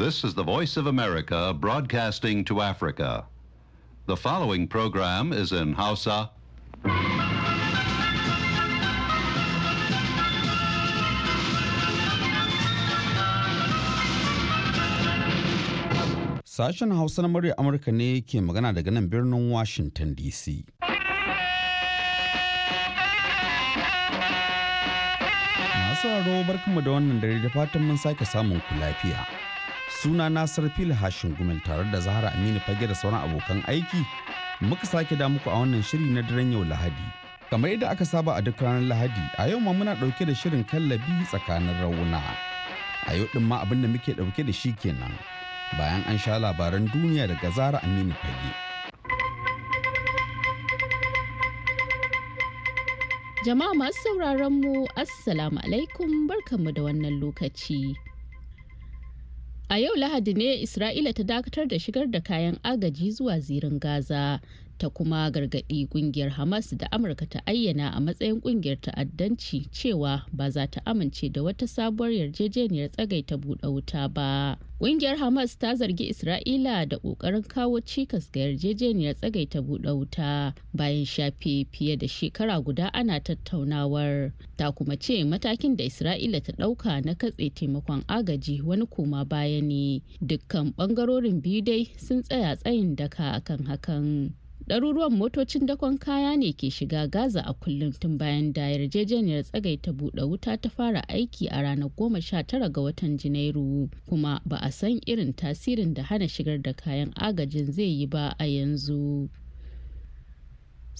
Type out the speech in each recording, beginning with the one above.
This is the Voice of America broadcasting to Africa. The following program is in Hausa. Sashen Hausa na murya Amurka ne ke magana daga nan birnin Washington DC. Masu raro barkanmu da wannan dare da fatan mun sake samun ku lafiya. suna nasar fil hashin gumin tare da zahara aminu fage da sauran abokan aiki muka sake da muku a wannan shiri na daren yau lahadi kamar yadda aka saba a duk ranar lahadi a yau ma muna ɗauke da shirin kallabi tsakanin rauna a yau ɗin ma abin da muke ɗauke da shi kenan bayan an sha labaran duniya daga Zahra aminu fage Jama'a masu sauraron mu Assalamu alaikum barkanmu da wannan lokaci. A yau Lahadi ne Isra'ila ta dakatar da shigar da kayan agaji zuwa zirin Gaza ta kuma gargaɗi ƙungiyar hamas da amurka ta ayyana a matsayin ƙungiyar ta'addanci cewa ba za ta amince da wata sabuwar yarjejeniyar tsagaita buɗe wuta ba ƙungiyar hamas ta zargi isra'ila da ƙoƙarin kawo cikas ga yarjejeniyar tsagaita buɗe wuta bayan shafe fiye da shekara guda ana tattaunawar ta kuma ce matakin da isra'ila ta ɗauka na katse taimakon agaji wani koma baya ne dukkan ɓangarorin biyu dai sun tsaya tsayin daka akan hakan ɗaruruwan motocin dakon kaya ne ke shiga gaza a kullum tun bayan da yarjejeniyar tsagai ta buɗe wuta ta fara aiki a ranar goma sha tara ga watan janairu kuma ba a san irin tasirin da hana shigar da kayan agajin zai yi ba a yanzu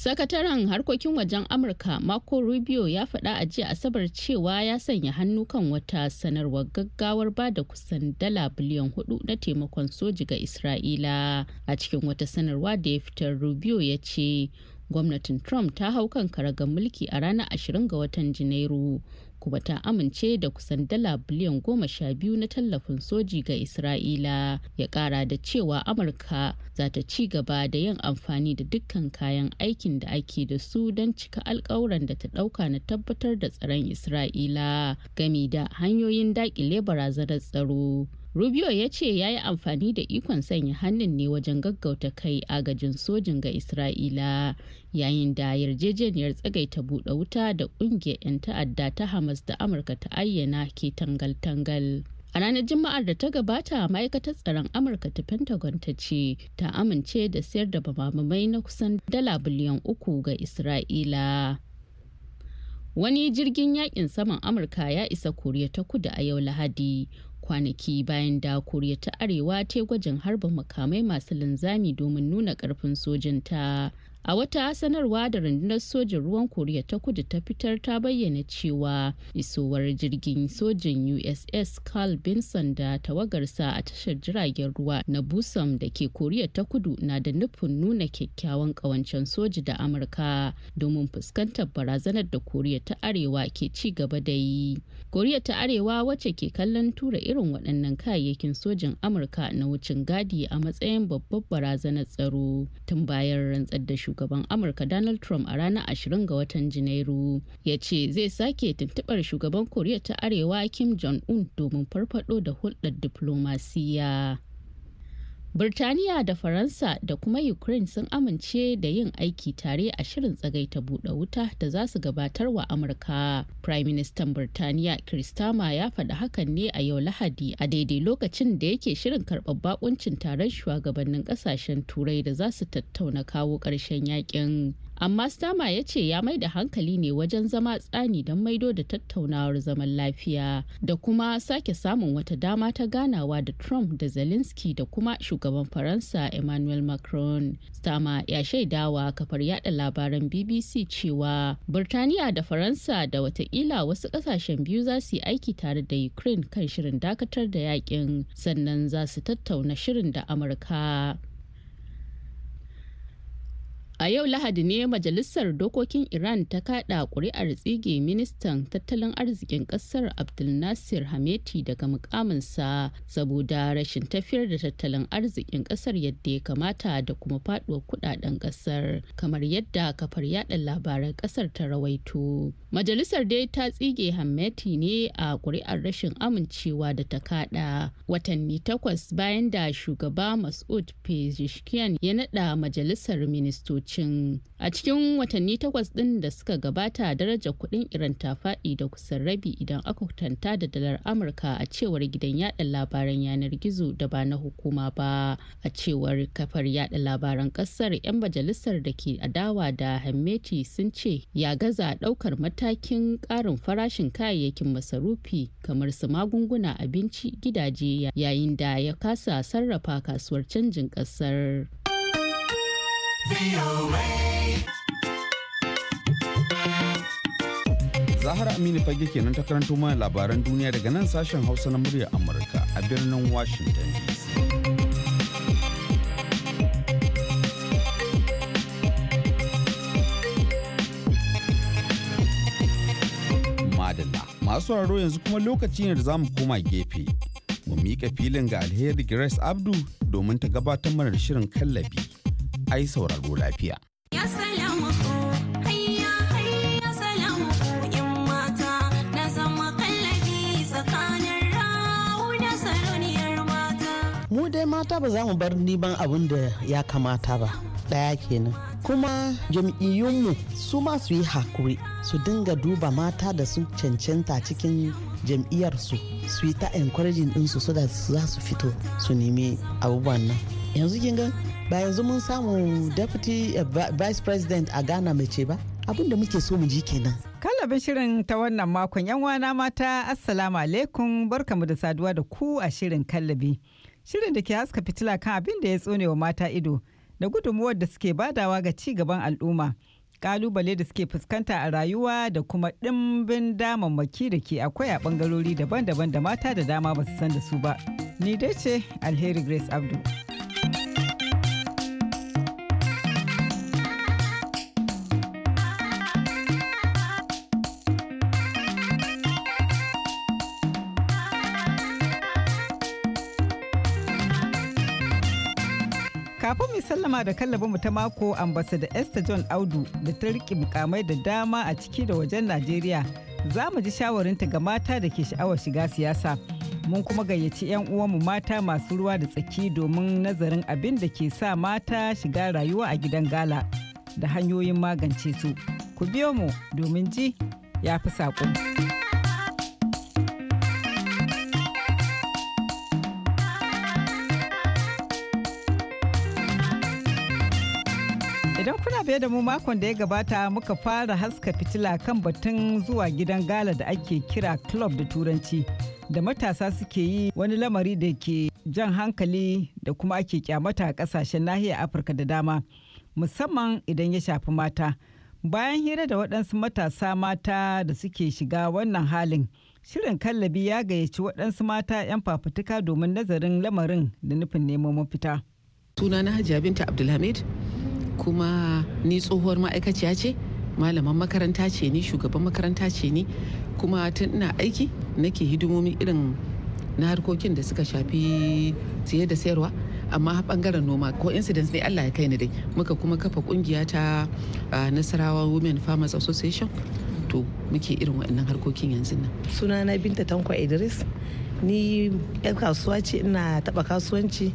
Sakataren harkokin wajen Amurka Marco Rubio ya faɗa a jiya Asabar cewa ya sanya hannu kan wata sanarwar gaggawar ba da kusan dala biliyan hudu na taimakon soji ga Isra'ila. A cikin wata sanarwa da ya fitar Rubio ya ce, gwamnatin Trump ta hau kan karagar mulki a ranar 20 ga watan Janairu kuma ta amince da kusan dala biliyan goma sha biyu na tallafin soji ga isra'ila ya kara da cewa amurka za ta ci gaba da yin amfani da dukkan kayan aikin da ake da su don cika alkawuran da ta dauka na tabbatar da tsaron isra'ila gami da hanyoyin daƙile barazanar tsaro Rubio ya ce ya yi amfani da ikon sanya hannun ne wajen gaggauta kai agajin sojin ga Isra'ila yayin da yarjejeniyar tsagaita buɗe wuta da ƙungiyar 'yan ta'adda ta Hamas da Amurka ta ayyana ke tangal-tangal. A ranar Juma'ar da ta gabata ma'aikatar tsaron Amurka ta Pentagon ta ce ta amince da sayar da bamamai na kusan dala biliyan uku ga Isra'ila. Wani jirgin yakin saman Amurka ya isa Koriya ta kudu a yau Lahadi kwanaki bayan da koriya ta arewa ta gwajin harba makamai masu linzami domin nuna karfin sojinta a wata sanarwa da rundunar sojin ruwan koriya ta kudu ta fitar ta bayyana cewa isowar jirgin sojin uss carl benson da tawagarsa a tashar jiragen ruwa na busam da ke koriya ta kudu na da nufin nuna kyakkyawan kawancen soji da amurka domin fuskantar barazanar da koriya ta arewa ke ci gaba da yi koriya ta arewa wacce ke kallon tura irin waɗannan kayayyakin sojin amurka na wucin gadi a matsayin babbar barazanar tsaro tun bayan rantsar da shugaban amurka donald trump a ranar 20 ga watan janairu ya ce zai sake tuntuɓar shugaban koriya ta arewa kim jong-un domin farfado da hulɗar diflomasiyya Birtaniya da Faransa da kuma Ukraine sun amince da yin aiki tare a shirin tsagaita buɗe wuta da za su gabatar wa Amurka. Prime Minister Birtaniya Kristama ya faɗi hakan ne a yau Lahadi a daidai lokacin da yake shirin karɓar bakuncin taron shugabannin ƙasashen Turai da za su tattauna kawo ƙarshen yakin. amma stama ya ce ya mai da hankali ne wajen zama tsani don maido da tattaunawar zaman lafiya da kuma sake samun wata dama ta ganawa da trump da zelensky da kuma shugaban faransa emmanuel macron stama ya shaidawa kafar yada labaran bbc cewa birtaniya da faransa da watakila wasu kasashen biyu za su yi aiki tare da ukraine kan shirin dakatar da yakin sannan za su tattauna shirin da amurka A yau Lahadi ne Majalisar Dokokin Iran ta kada kuri'ar tsige ministan tattalin arzikin kasar Abdulnasir Hameti daga mukaminsa saboda rashin tafiyar da tattalin arzikin kasar yadda ya kamata da kuma faduwar kudaden kasar kamar yadda kafar yada labaran kasar ta rawaito. Majalisar dai ta tsige Hameti ne a kuri'ar rashin amincewa da ta kada watanni takwas bayan da shugaba Mas'ud Pezeshkian ya naɗa majalisar ministoci. lokacin a cikin watanni takwas ɗin da suka gabata darajar kuɗin iran ta faɗi da kusan rabi idan aka kwatanta da dalar amurka a cewar gidan yaɗa labaran yanar gizo da ba na hukuma ba a cewar kafar yaɗa labaran ƙasar 'yan majalisar da ke adawa da hammeti sun ce ya gaza ɗaukar matakin ƙarin farashin kayayyakin masarufi kamar su magunguna abinci gidaje yayin da ya kasa sarrafa kasuwar canjin ƙasar Zahra Aminu fage kenan ta karanto mana labaran duniya daga nan sashen Hausa na muryar Amurka a birnin Washington DC. Madalla masu sauraro yanzu kuma lokaci ne da za mu koma gefe. Mu miƙa filin ga alheri Grace Abdu domin ta gabatar mana da shirin kallabi. ai sauraro lafiya. Mu dai mata ba za mu bar niban abin da ya kamata ba, ɗaya kenan. Kuma jam'iyyunmu su ma su yi hakuri su dinga duba mata da su cancanta cikin jam'iyyarsu su yi ta encouraging ɗinsu so da za su fito su nemi abubuwan nan. yanzu kin ga ba yanzu mun samu deputy eh, vice president a ghana mai ce ba abin da muke so mu ji kenan kallabin shirin ta wannan makon yan wana mata assalamu alaikum barkamu da saduwa da ku a shirin kallabi shirin da ke haska fitila kan abin da ya tsone wa mata ido da gudunmuwar da suke badawa ga ci gaban al'umma kalubale da suke fuskanta a rayuwa da kuma ɗimbin damammaki da ke akwai a ɓangarori daban-daban da mata da dama ba su san da su ba. Ni dai ce Alheri Grace Abdul. Kafin mu sallama da mu ta mako ambasada Esther John Audu da ta riƙe mukamai da dama a ciki da wajen Najeriya za mu ji shawarinta ga mata da ke sha'awar shiga siyasa. Mun kuma gayyaci 'yan uwanmu mata masu ruwa da tsaki domin nazarin abin da ke sa mata shiga rayuwa a gidan gala da hanyoyin magance su. Ku biyo mu domin ji ya fi saƙo. tafe da mu makon da ya gabata muka fara haska fitila kan batun zuwa gidan gala da ake kira club da turanci da matasa suke yi wani lamari da ke jan hankali da kuma ake kyamata a kasashen nahiyar afirka da dama musamman idan ya shafi mata bayan hira da waɗansu matasa mata da suke shiga wannan halin shirin kallabi ya gayyaci waɗansu mata 'yan fafutuka domin nazarin lamarin da nufin neman mafita sunana hajjabinta binta abdulhamid kuma ni tsohuwar ma'aikaciya ce malaman makaranta ce ni shugaban makaranta ce ni kuma tun ina aiki nake hidimomi irin na harkokin da suka shafi siye da sayarwa amma bangaren noma ko incidents ne allah ya kai ni dai muka kuma kafa kungiya ta nasarawa women farmers association to muke irin waɗannan harkokin yanzu nan Suna na binta tanko idris ni 'yan kasuwa ce ina taɓa kasuwanci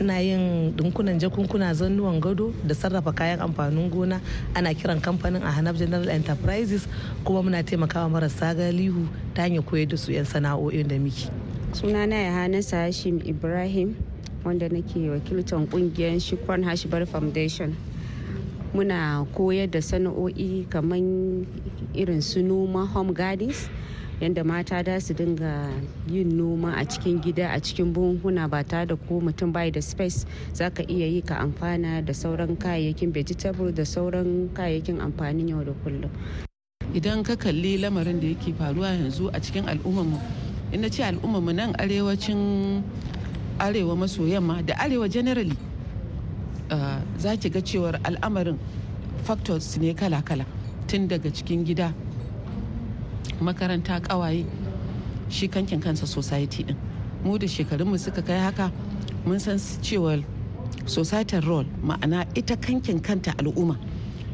ina yin dunkunan jakunkuna zannuwan gado da sarrafa kayan amfanin gona ana kiran kamfanin a hanaf general enterprises kuma muna taimakawa marasa galihu ta hanyar koyar da su 'yan sana'o'in da suna sunana ya hanisa hashim ibrahim wanda nake wakiltar kungiyar shikwan hashibar foundation muna koyar da sana'o'i kamar irin su noma home gardens yadda mata da su dinga yin noma a cikin gida a cikin buhunhuna ba tare da ko mutum bai da space za ka iya yi ka amfana da sauran kayayyakin vegetable da sauran kayayyakin amfanin yau da kullum idan ka kalli lamarin da yake faruwa yanzu a cikin al'ummarmu ina ce al'ummarmu nan arewacin arewa maso yamma da arewa generally ah, za ki ga cewar al'amarin factors ne kala-kala tun daga cikin gida makaranta kawaye shi kankin kansa society din mu da shekarunmu suka kai haka mun san cewa societal role ma'ana ita kankin kanta al'umma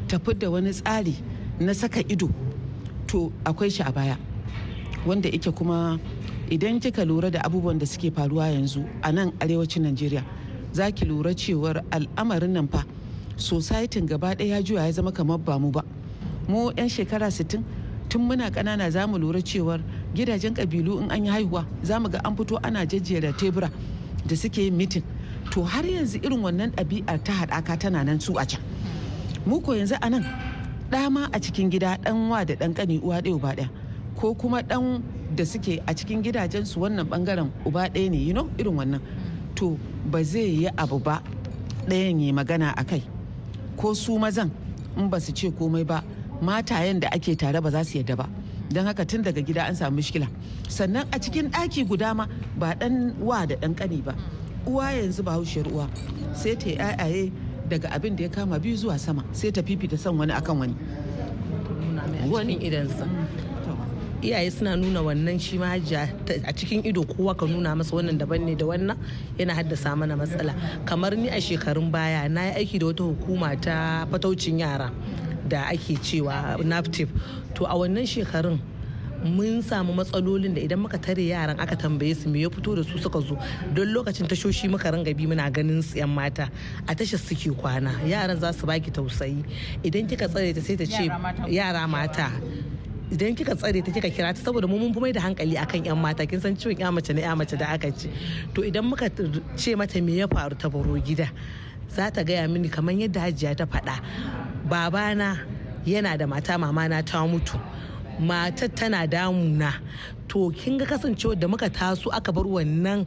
tafi da wani tsari na saka ido to akwai shi a baya wanda ike kuma idan kika lura da abubuwan da suke faruwa yanzu a nan arewacin najeriya za ki lura cewar al'amarin nan fa society gaba ɗaya ya juya ya zama kamar ba mu ba mu 'yan shekara 60 tun muna kanana za mu lura cewa gidajen kabilu in an yi haihuwa za mu ga an fito ana jajjera tebura da suke yin mitin to har yanzu irin wannan ɗabi'ar ta haɗaka tana nan su a can mu ko yanzu a nan ɗama a cikin gida ɗan wa da ɗan ƙani uwa ɗaya uba ɗaya ko kuma ɗan da suke a cikin gidajen su wannan ɓangaren uba ɗaya ne you irin wannan to ba zai yi abu ba ɗayan yi magana a kai ko su mazan in ba su ce komai ba matayen da ake tare ba za su yadda ba don haka tun daga gida an samu mishkila sannan a cikin ɗaki guda ma ba ɗan wa da ɗan ƙani ba uwa yanzu ba haushiyar uwa sai ta ayaye daga abin da ya kama biyu zuwa sama sai ta fifita son wani akan wani wani idansa iyaye suna nuna wannan shi ma a cikin ido kowa ka nuna masa wannan daban ne da wannan yana haddasa mana matsala kamar ni a shekarun baya na yi aiki da wata hukuma ta fataucin yara da ake cewa naptip to a wannan shekarun mun samu matsalolin da idan muka tare yaran aka tambaye su me ya fito da su suka zo don lokacin tashoshi muka ranga bi muna ganin su yan mata a tashar suke kwana yaran za su baki tausayi idan kika tsare ta sai ta ce yara mata idan kika tsare ta kika kira ta saboda mu mun fi mai da hankali akan yan mata kin san ciwon ya mace na ya da aka ce to idan muka ce mata me ya faru ta baro gida za ta gaya mini kamar yadda hajiya ta faɗa babana yana da mata mamana ta mutu matar tana damuna to kin ga kasancewar da muka taso aka bar wannan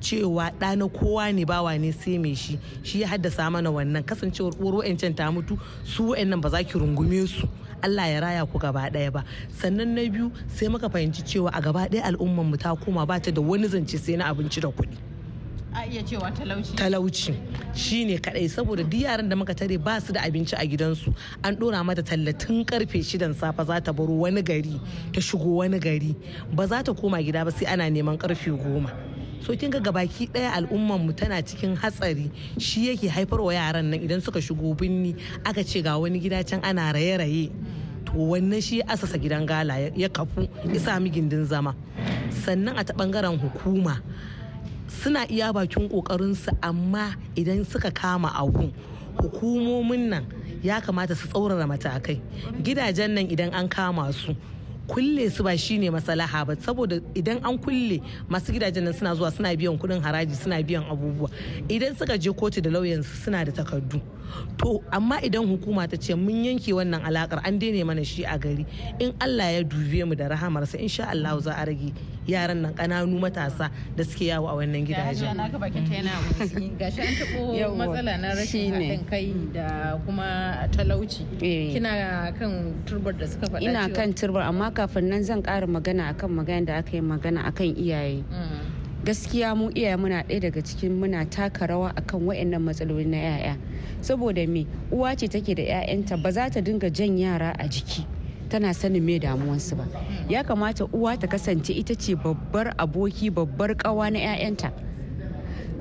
cewa ɗa na kowa ne bawa ne sai mai shi shi ya haddasa mana wannan kasancewar uwar wa'ancan ta mutu su wa'annan ba za ki rungume su Allah ya raya ku gaba ɗaya ba sannan na biyu sai muka fahimci cewa a gaba ɗaya al'ummar mu ta koma bata da wani zance sai na abinci da kuɗi iya cewa talauci talauci shine kadai saboda duk yaran da muka tare ba su da abinci a gidansu an dora mata tallatin karfe shidan safa za ta baro wani gari ta shigo wani gari ba za ta koma gida ba sai ana neman karfe goma so kin ga gabaki daya al'umman mu tana cikin hatsari shi yake haifarwa yaran nan idan suka shigo binni aka ce ga wani gida can ana raye-raye to wannan shi asasa gidan gala ya kafu isa sami gindin zama sannan a ta bangaren hukuma suna iya bakin ƙoƙarinsu amma idan suka kama abu hukumomin nan ya kamata su tsaurara matakai gidajen nan idan an kama su kulle su ba shine masalaha ba saboda idan an kulle masu gidajen nan suna zuwa suna biyan kudin haraji suna biyan abubuwa idan suka je kotu da lauyansu suna da takardu to amma idan hukuma ta ce mun yanke wannan alakar an daina mana shi a gari in Allah ya dube mu da rahamarsa insha Allah za a rage yaran nan kananu matasa da suke yawo a wannan gidaje. Ya na ga bakin ta yana mm. gashi an taɓo matsala na rashin haɗin kai da kuma talauci. Eh. Kina kan turbar da suka faɗa Ina kan turbar amma kafin nan zan ƙara magana akan magana da aka yi magana akan iyaye. Mm. gaskiya mu iyaye muna ɗaya daga cikin muna taka rawa akan waɗannan matsaloli na 'ya'ya saboda me uwa ce take da 'ya'yanta ba za ta dinga jan yara a jiki tana sanin me damuwansu ba ya kamata uwa ta kasance ita ce babbar aboki babbar kawa na 'ya'yanta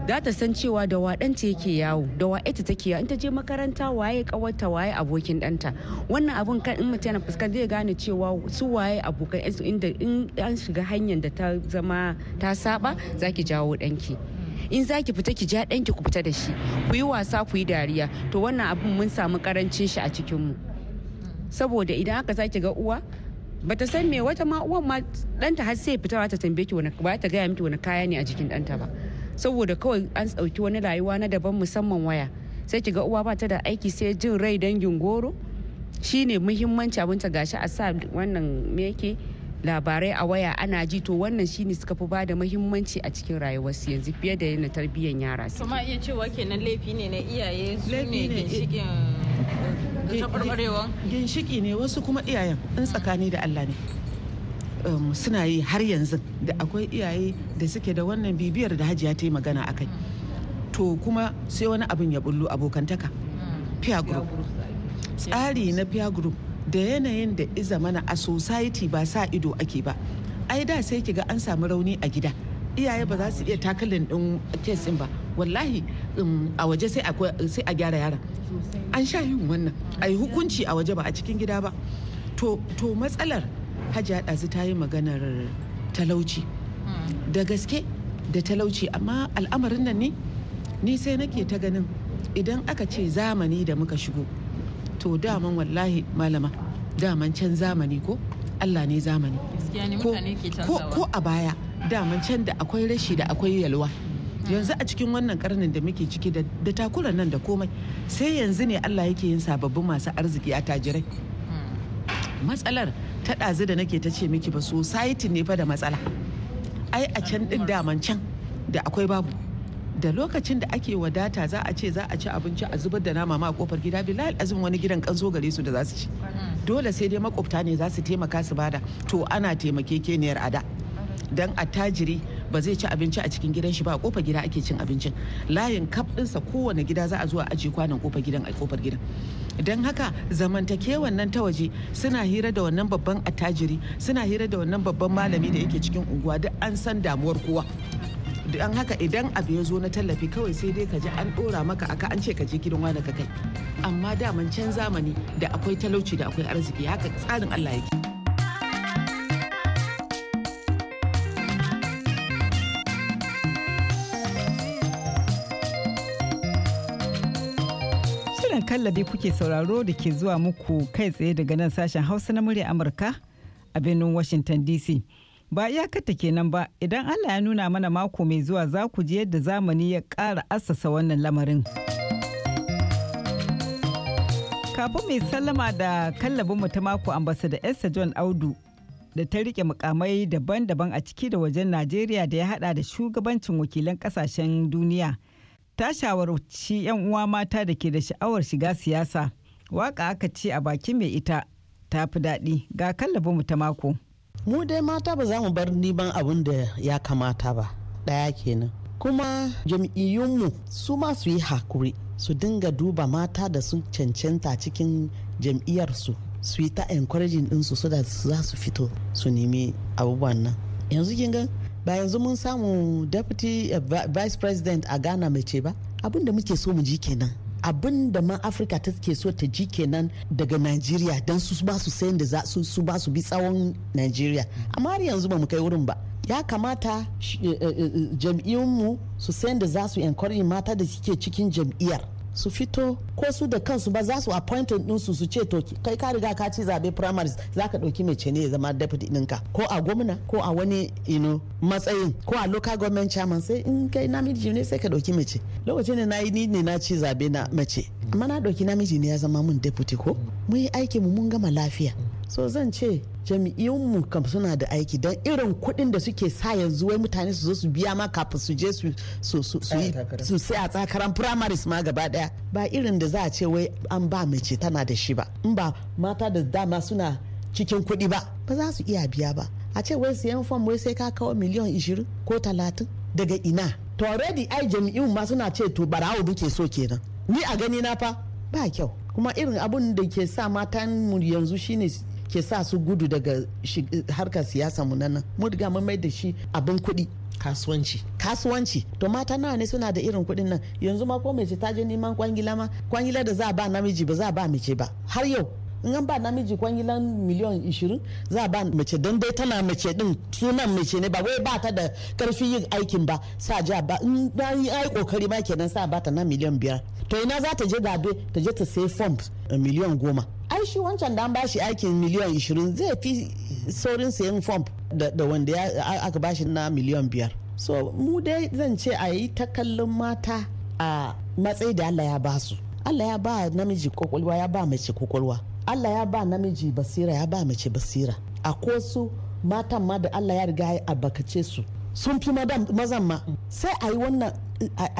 za ta san cewa da waɗanta yake yawo da wa'ita take yawo in ta je makaranta waye kawarta waye abokin ɗanta wannan abun kan in mutum yana fuskanta zai gane cewa su waye abokan inda in an shiga hanyar da ta zama ta saba ki jawo ɗanki in za ki fita ki ja ɗanki ku fita da shi ku yi wasa ku yi dariya to wannan abun mun samu karancin shi a cikin mu saboda idan aka sake ga uwa bata san me wata ma uwan ma danta har sai fita ta tambaye ki wani ba ta gaya miki wani kaya ne a jikin danta ba saboda kawai an tsauki wani rayuwa na daban musamman waya sai ki ga uwa ba ta da aiki sai jin rai dangin goro shine muhimmanci abinta gashi a sa wannan me yake labarai a waya ana ji to wannan shine suka fi bada muhimmanci a cikin rayuwarsu yanzu fiye da yana tarbiyyar yara su. Kuma iya cewa kenan laifi ne na iyaye su ne ginshikin ginshiki ne wasu kuma iyayen in tsakani da Allah ne um, suna yi har yanzu da akwai iyaye da suke da wannan bibiyar da hajiya ta yi magana akai mm. to kuma sai wani abin ya bullo abokantaka mm. peer group tsari na peer group da yanayin da iza mana a society ba sa ido ake ba ai da sai ki ga an samu rauni a gida iyaye ba za su iya takalin din kesin ba wallahi um, a waje sai a gyara yara an sha yin wannan a yi hukunci a waje ba a cikin gida ba to matsalar hajiya ɗazu ta yi maganar talauci hmm. da gaske da talauci amma al'amarin nan ne ni sai nake ta ganin idan aka ce zamani da muka shigo to daman wallahi malama daman can zamani ko allah ne zamani ko a baya daman can da akwai rashi da akwai yalwa yanzu a cikin wannan karnin da muke ciki da takuran nan da komai sai yanzu ne allah yake yin sababbin masu arziki a tajirai hmm. matsalar ta ɗazu da nake ta ce miki ba society ne fa da matsala ai a can ɗin daman can da akwai babu da lokacin da ake wadata za a ce za a ci abinci a zubar da nama ma a kofar gida bilal azum wani gidan kanzo gare su da za su ci hmm. dole sai dai makwabta ne za su taimaka su bada to ana taimake taimakekeniyar ada dan tajiri. ba zai ci abinci a cikin gidan shi ba a kofar gida ake cin abincin layin kaf ɗinsa kowane gida za a zo a ajiye kwanan kofar gidan a kofar gidan don haka zamantakewan nan ta waje suna hira da wannan babban attajiri suna hira da wannan babban malami da yake cikin unguwa duk an san damuwar kowa don haka idan abu ya zo na tallafi kawai sai dai ka ji an dora maka aka an ce ka je gidan wani ka kai amma daman can zamani da akwai talauci da akwai arziki haka tsarin allah yake kallabi kuke sauraro da ke zuwa muku kai tsaye daga nan sashen hausa na murya amurka a birnin washington dc ba iyakata kenan ba idan allah ya nuna mana mako mai zuwa za ku ji yadda zamani ya ƙara assasa wannan lamarin kafin mai sallama da kallabin mu ta mako ambasada esther john audu da ta rike mukamai daban-daban a ciki da wajen najeriya da ya hada da shugabancin wakilan kasashen duniya ta shawarci 'yan uwa mata da ke da sha'awar shiga siyasa waka aka ce a bakin mai ita ta fi daɗi ga kallabin mu ta mako mu dai mata ba za mu bar niban abin da ya kamata ba ɗaya kenan kuma jam'iyyunmu su ma su yi hakuri su dinga duba mata da sun cancanta cikin jam'iyyarsu su yi ta encouraging ɗinsu so da za su fito su nemi abubuwan nan yanzu kin ga ba yanzu mun samu deputy eh, vice president a ghana ce ba abin da muke so mu ji kenan abin da ma afirka ta ke so ta ji kenan daga nigeria don su ba su sayan da su ba su bi tsawon nigeria amma har yanzu ba mu kai wurin ba ya kamata eh, eh, jam'iyyunmu su sayan da za su encourage mata da suke cikin jam'iyyar su fito ko su da kansu ba za su appointed ɗinsu su ce to kai ka riga ka ci zabe primaries za ka ɗauki mai cene ya zama deputy ɗinka ko a gwamna ko a wani ino matsayin ko a local government chairman sai in kai namiji ne sai ka ɗauki mace lokacin da na yi ni ne na ci zabe na mace amma na ɗauki namiji ne ya zama mun deputy ko mun yi aiki mu mun gama lafiya so zan ce jami'in kam suna da aiki don irin kuɗin da suke sa yanzu wai mutane su zo su biya ma kafin su je su su sai a tsakaran primaries ma gaba daya ba irin da za a ce wai an ba mace tana da shi ba in ba mata da dama suna cikin kuɗi ba ba za su iya biya ba a ce wai siyan fom wai sai ka kawo miliyan 20 ko 30 daga ina to already ai jami'in ma suna ce to barawo ke so kenan ni a gani na fa ba kyau kuma irin abun da ke sa matan mu yanzu shine ke sa su gudu daga harkar siyasa mu nan mu riga mun mai da shi abin kuɗi kasuwanci kasuwanci to mata nawa ne suna da irin kuɗin nan yanzu ma ko mace ta je neman kwangila ma kwangila da za a ba namiji ba za a ba mace ba har yau in an ba namiji kwangilan miliyan 20 za a ba mace don dai tana mace din sunan mace ne ba wai ba ta da karfi yin aikin ba sa ja ba in yi ai kokari ma kenan sa ba ta na miliyan biyar to ina za ta je gabe ta je ta sai fom eh, miliyan goma ai shi wancan dan bashi aikin miliyan 20 zai fi saurin sayan fomp da wanda aka bashi na miliyan biyar so mu dai zan ce a yi ta kallon mata a matsayi da allah ya ba su allah ya ba namiji kwakwalwa ya ba mace kwakwalwa allah ya ba namiji basira ya ba mace basira a ko su matan ma da allah ya riga a bakace su sun fi mazan ma sai a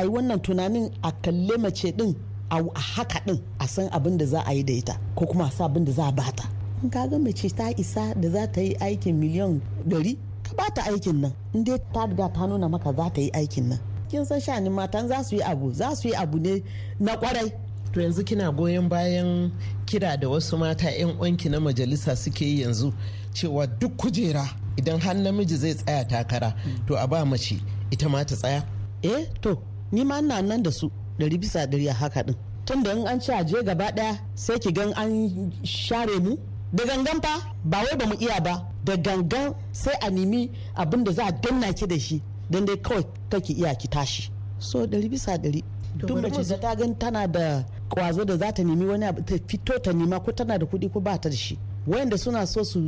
yi wannan tunanin a kalle mace din a haka din a san abin da za a yi da ita ko kuma a sa abin da za a bata in ka ga mace ta isa da za ta yi aikin miliyan ɗari ka bata aikin nan in dai ta riga ta nuna maka za ta yi aikin nan kin san shanin matan za su yi abu za su yi abu ne na kwarai to yanzu kina goyon bayan kira da wasu mata 'yan uwanki na majalisa suke yi yanzu cewa duk kujera idan har namiji zai tsaya takara to a ba mace ita ma ta tsaya eh to ni ma ina nan da su dari bisa dari a haka din tunda in an ci aje gaba ɗaya sai ki gan an share mu da gangan fa ba wai ba mu iya ba da gangan sai a nemi abin da za a danna ki da shi don dai kawai kake iya ki tashi so dari bisa dari duk mace da ta gan tana da kwazo da za ta nemi wani abu ta fito ta nema ko tana da kuɗi ko ba ta da shi wayanda suna so su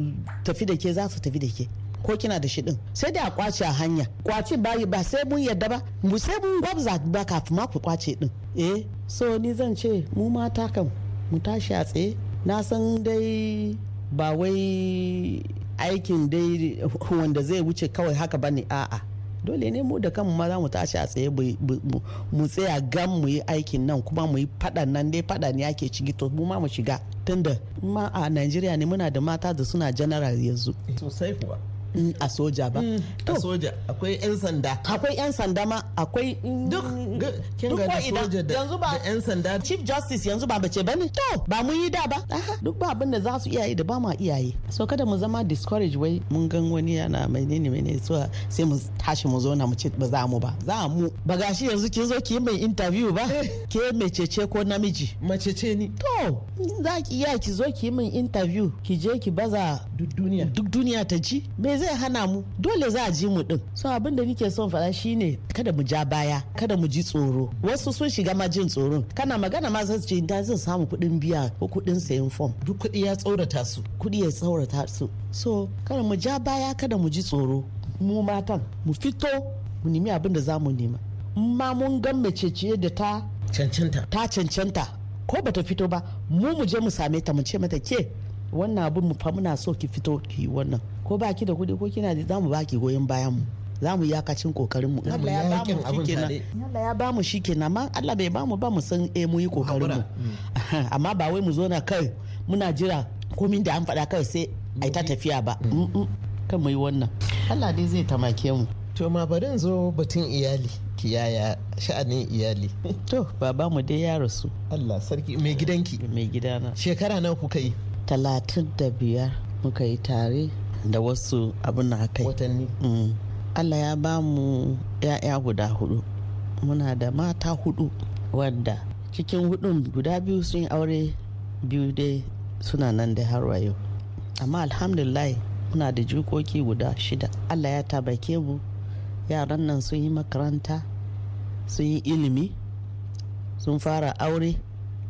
tafi da ke za su tafi da ke ko kina da shi din sai dai a kwace a hanya kwace bayi ba sai mun yadda ba mu sai mun gwabza ba kafin ma ku kwace din eh so ni zan ce mu mata kan mu tashi a tsaye na san dai ba wai aikin dai wanda zai wuce kawai haka ba ne a'a dole ne mu da kanmu ma za mu tashi a tsaye mu tsaya gan mu yi aikin nan kuma mu yi faɗan nan dai faɗa ne ake ciki to mu ma mu shiga tunda ma a Najeriya ne muna da mata da suna general yanzu eh, sosai kuwa a soja ba mm, a soja akwai yan sanda akwai yan sanda ma akwai duk kin ga soja da yan sanda chief justice yanzu ba bace bane to ba mun yi da ba duk ba abin da za su iyaye da ba ma iyaye so kada mu zama discourage wai mun gan wani yana mai ne mai ne so sai mu tashi mu zo na mu ce ba za mu ba za mu ba gashi yanzu kin zo ki mai interview ba eh. ke cece ko namiji ce ni to za ki iya ki zo ki mai min interview ki je ki baza duk duniya duk duniya ta ji me zai hana mu dole za a ji mu din so abin da nike son faɗa shine kada mu ja baya kada mu ji tsoro wasu sun shiga ma jin tsoron kana magana ma zan ce da zan samu kuɗin biya ko kuɗin sayan fom duk kuɗi ya tsaurata su kuɗi ya tsaurata su so kada mu ja baya kada mu ji tsoro mu matan mu fito mu nemi abin da za mu nema ma mun gan mace da ta cancanta ta cancanta ko bata fito ba mu mu je mu same ta mu ce mata ke wannan abin mu fa muna so ki fito ki wannan ko baki da kuɗi ko kina da zamu baki goyon bayan mu za mu yakacin kokarin mu Allah ya ba mu na. Allah ya ba mu na amma Allah bai ba mu ba mu san eh mu yi kokarin mu mm. amma ba wai mu zo na kai muna jira komin da an faɗa kai sai ai ta tafiya ba mm. mm, kan mu yi wannan Allah dai zai tamake mu to ma bari zo batun iyali kiyaya sha'anin iyali to baba mu dai ya rasu Allah sarki mai gidanki mai gidana shekara nawa kuka yi talatin da biyar muka yi tare da wasu abin na kai watanni mm. allah ya ba mu ya'ya guda hudu muna da mata hudu wadda cikin hudun guda biyu sun aure biyu dai suna nan da har yau amma alhamdulillah muna da jikoki guda shida allah ya tabake mu yaran nan sun yi makaranta sun yi ilimi sun fara aure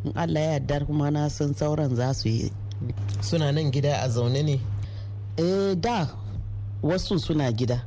in allah ya yarda kuma na san sauran za su yi suna nan gida a zaune ne eh da wasu suna gida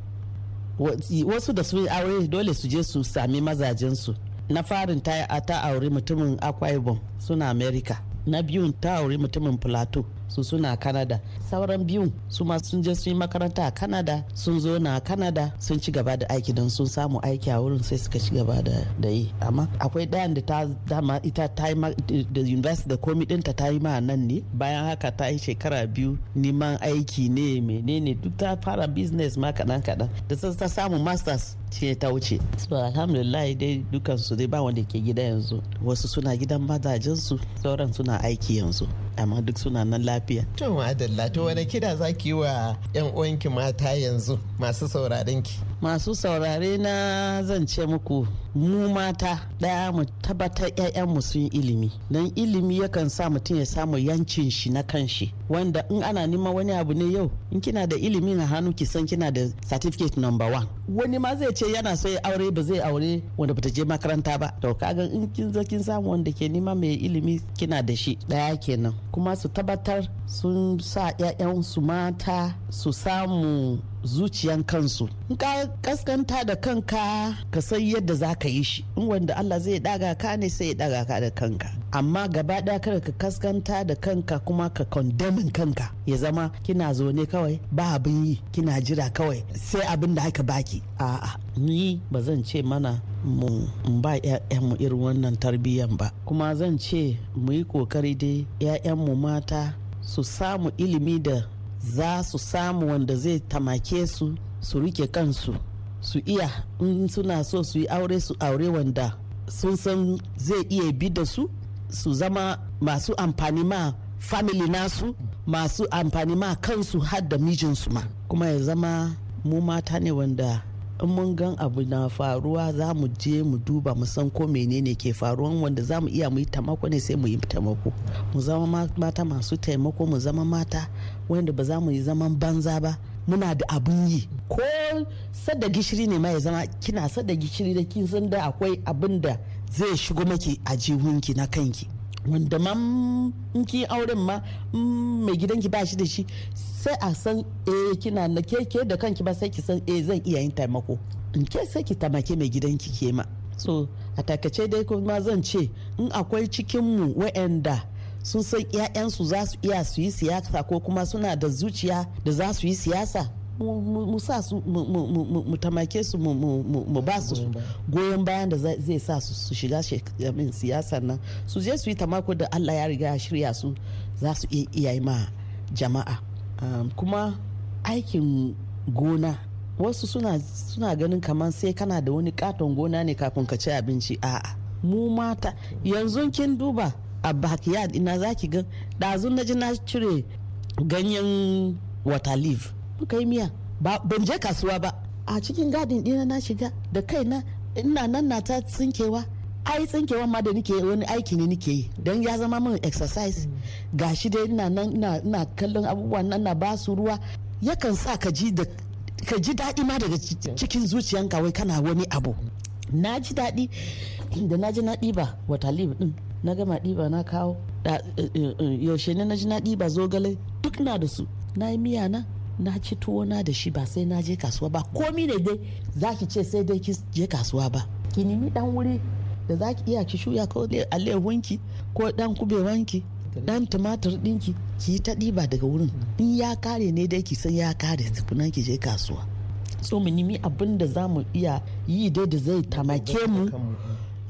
wasu da su aure dole su je su sami mazajensu na farin ta ta aure mutumin akwai suna america na biyun ta aure mutumin plateau su suna canada sauran biyu su ma sun je sun yi makaranta a kanada sun zo na kanada sun ci gaba da aiki don sun samu aiki a wurin sai suka ci gaba da yi amma akwai ɗayan da ta dama ita ta yi ma da university da komi ɗinta ta yi ma nan ne bayan haka ta yi shekara biyu neman aiki ne menene duk ta fara business ma kaɗan kaɗan da ta samu masters ne ta wuce so alhamdulillah dai dukansu su dai ba wanda ke gida yanzu wasu suna gidan mazajen sauran suna aiki yanzu amma duk suna nan lafiya to madalla to wani kida yi wa yan uwanki mata yanzu masu sauraron ki masu saurare na zan ce muku mu mata ɗaya mu tabbatar mu sun ilimi don ilimi yakan sa mutum ya samu yancin shi na kanshi wanda in ana neman wani abu ne yau in kina da ilimi na hannu ki san kina da certificate number one wani ma zai ce yana so ya aure ba zai aure wanda bata je makaranta ba to kaga in kin zo kin samu wanda ke nima mai ilimi kina da shi ɗaya kenan kuma su tabbatar sun sa 'ya'yansu mata su samu zuciyan kansu in ka kaskanta da kanka ka san yadda za ka yi shi in wanda Allah zai daga ka ne sai ya daga ka da kanka amma gaba daya kada ka kaskanta da kanka kuma ka condemn kanka ya zama kina zaune kawai ba abin yi kina jira kawai sai abin da aka baki a'a ni ba zan ce mana mu ba 'ya'yanmu irin wannan tarbiyyan ba kuma zan ce mu yi kokari dai mu mata su samu ilimi da za su samu wanda zai tamake su su rike kansu su iya in suna so su yi aure su aure wanda sun san zai iya bi da su su zama masu amfani ma family nasu masu amfani ma kansu har da mijinsu ma kuma ya zama mu mata ne wanda in mun gan abu na faruwa za mu je mu duba mu san ko menene ke faruwa wanda za mu iya mu yi tamako ne sai mu yi tamako mu zama mata masu taimako mu zama mata wanda ba za mu yi zaman banza ba muna da abin yi ko sadda gishiri ne ma ya zama kina sadda gishiri da kin san da akwai abin da zai shigo maki a jihunki na kanki wanda ma in kin auren ma mai gidanki ba shi da shi sai a san eh kina na keke da kanki ba sai ki san eh zan iya yin taimako in ke sai ki tamake mai gidanki ke ma so a takace dai kuma zan ce in akwai cikinmu wa'anda sun san 'ya'yansu za su iya su yi siyasa ko kuma suna da zuciya da za su yi siyasa mu sa su mu tamake su mu ba su goyon bayan da zai sa su shiga shekamin siyasa nan su je su yi tamako da allah ya riga shirya su za su iya yi ma jama'a kuma aikin gona wasu suna ganin kamar sai kana da wani katon gona ne kafin ka ci abinci a'a mu mata yanzu kin duba a backyard ina za ki ga ɗazu na ji na cire ganyen water leaf muka yi miya ban je kasuwa ba a cikin gadin ɗina na shiga da kaina ina nan na ta tsinkewa ai tsinkewa ma da nike wani aiki ne nike yi don ya zama min exercise mm. Ga shi dai ina nan ina kallon abubuwa nan na ba su ruwa yakan sa ka ji da ka ji daɗi ma daga cikin zuciyanka wai kana wani abu na ji daɗi da na ji na ɗiba wata ɗin na gama ɗiba na kawo eh, eh, eh, yaushe ne na ji na ɗiba zogale duk na da su na yi miya na na ci tuwo na da shi ba sai na je kasuwa ba komi ne dai za ki ce sai dai ki je kasuwa ba ki nemi dan wuri da za ki iya ki shuya ko alehunki ko dan kubewanki dan tumatir dinki ki yi ta ɗiba daga wurin in ya kare ne dai ki san ya kare tukunan ki je kasuwa so mu nemi abin da za mu iya yi dai da zai tamake mu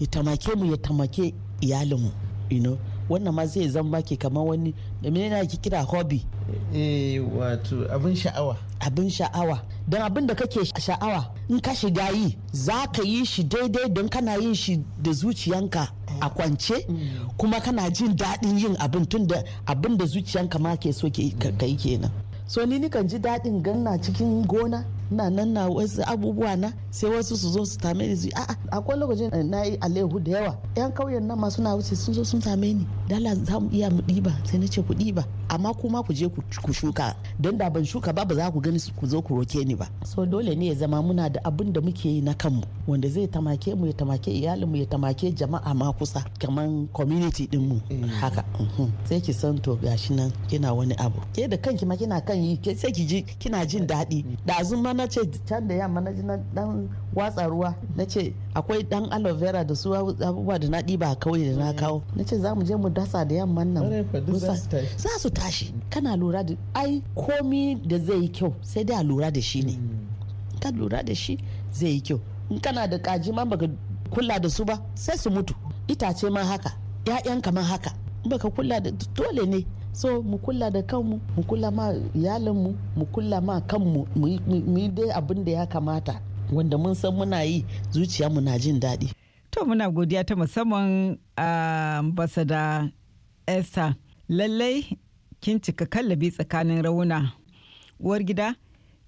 ya tamake mu ya tamake iyalinmu you know wannan ma zai zama ke kamar wani da na ki kira hobby eh wato abin sha'awa abin sha'awa don abin da kake sha'awa in ka shiga yi za ka yi shi daidai don kana yin shi da zuciyanka a kwance mm. kuma kana jin daɗin yin abin tun da abin da zuciyanka ma ke so ka yi kenan so ni nikan ji daɗin ganna cikin gona ina nan na wasu abubuwa na sai wasu su zo su tame ni a'a akwai lokacin na yi alehu da yawa yan kauyen nan ma suna wuce sun zo sun tame ni dala za mu iya mu ɗiba sai na ce ku diba amma kuma ku je ku shuka don da ban shuka ba ba za ku gani ku zo ku roke ni ba so dole ne ya zama muna da abin da muke yi na kanmu wanda zai tamake mu ya tamake mu ya tamake jama'a ma kusa kamar community din mu eh. haka mhm. sai ki san to gashi nan kina wani abu ke da kanki ma kina kan yi sai ki ji kina jin daɗi ɗazun ma na ce can da yamma na ji na dan watsa ruwa na ce akwai dan aloe vera da su abubuwa da na ɗiba a kauye da na eh. kawo na ce za mu je mu dasa da yamman nan za su tashi kana lura da ai komi da zai yi kyau sai dai a lura da shi ne mm. ka lura da shi zai yi kyau in kana da kaji ma baka kula da su ba sai su mutu itace ma haka ya'yan kamar haka baka kula da dole ne so mu kula da kanmu mu kula ma iyalinmu mu kula ma kanmu mu yi dai abin da ya kamata wanda mun san muna yi zuciyarmu na jin daɗi to muna godiya ta musamman a ah, ambasada esther lallai kin cika kallabi tsakanin rauna. Uwar gida,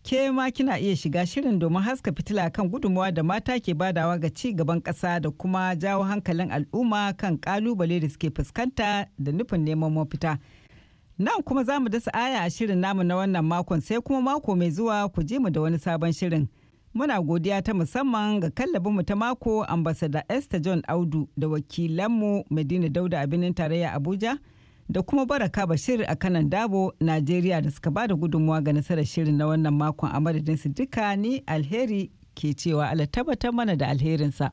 ke ma kina iya shiga shirin domin haska fitila kan gudunmawa da mata ke badawa ga ci gaban ƙasa da kuma jawo hankalin al'umma kan kalubale da suke fuskanta da nufin neman mafita. Nan kuma za mu dasa aya a shirin namu na wannan makon sai kuma mako mai zuwa ku je mu da wani sabon shirin. Muna godiya ta musamman ga kallabinmu ta mako ambasada Esther John Audu da wakilanmu madina Dauda a birnin tarayya Abuja. da kuma baraka bashir a kanan dabo najeriya da suka bada gudunmuwa ga nasarar shirin na wannan makon a madadin su duka ni alheri ke cewa ala tabbatar mana da alherinsa.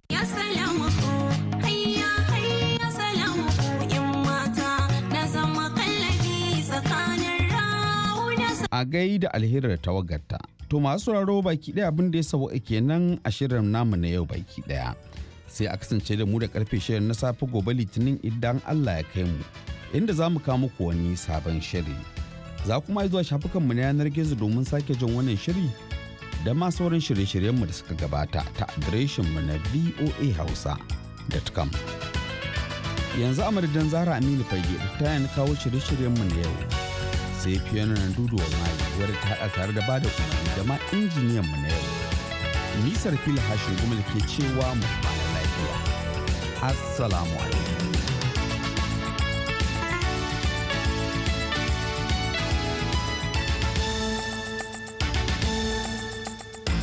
A gai da da tawagarta, to masu sauraro baki daya abin da ya sabo kenan a shirin namu na yau baki daya Sai a kasance da mu da karfe shirin na safe gobe litinin idan Allah ya kai mu. inda za mu kawo muku wani sabon shiri. Za kuma zuwa shafukanmu na yanar gizo domin sake jin wannan shiri da ma sauran shirye-shiryenmu da suka gabata ta adireshinmu na voahausa.com. Yanzu a madadin zara Aminu Fage ta yana kawo shirye-shiryenmu na yau. Sai fiye na dudu wa mai wadda ta haɗa tare da bada da umarni da ma injiniyanmu na yau. Nisar fili hashin gumal ke cewa mu kwana lafiya. Assalamu alaikum.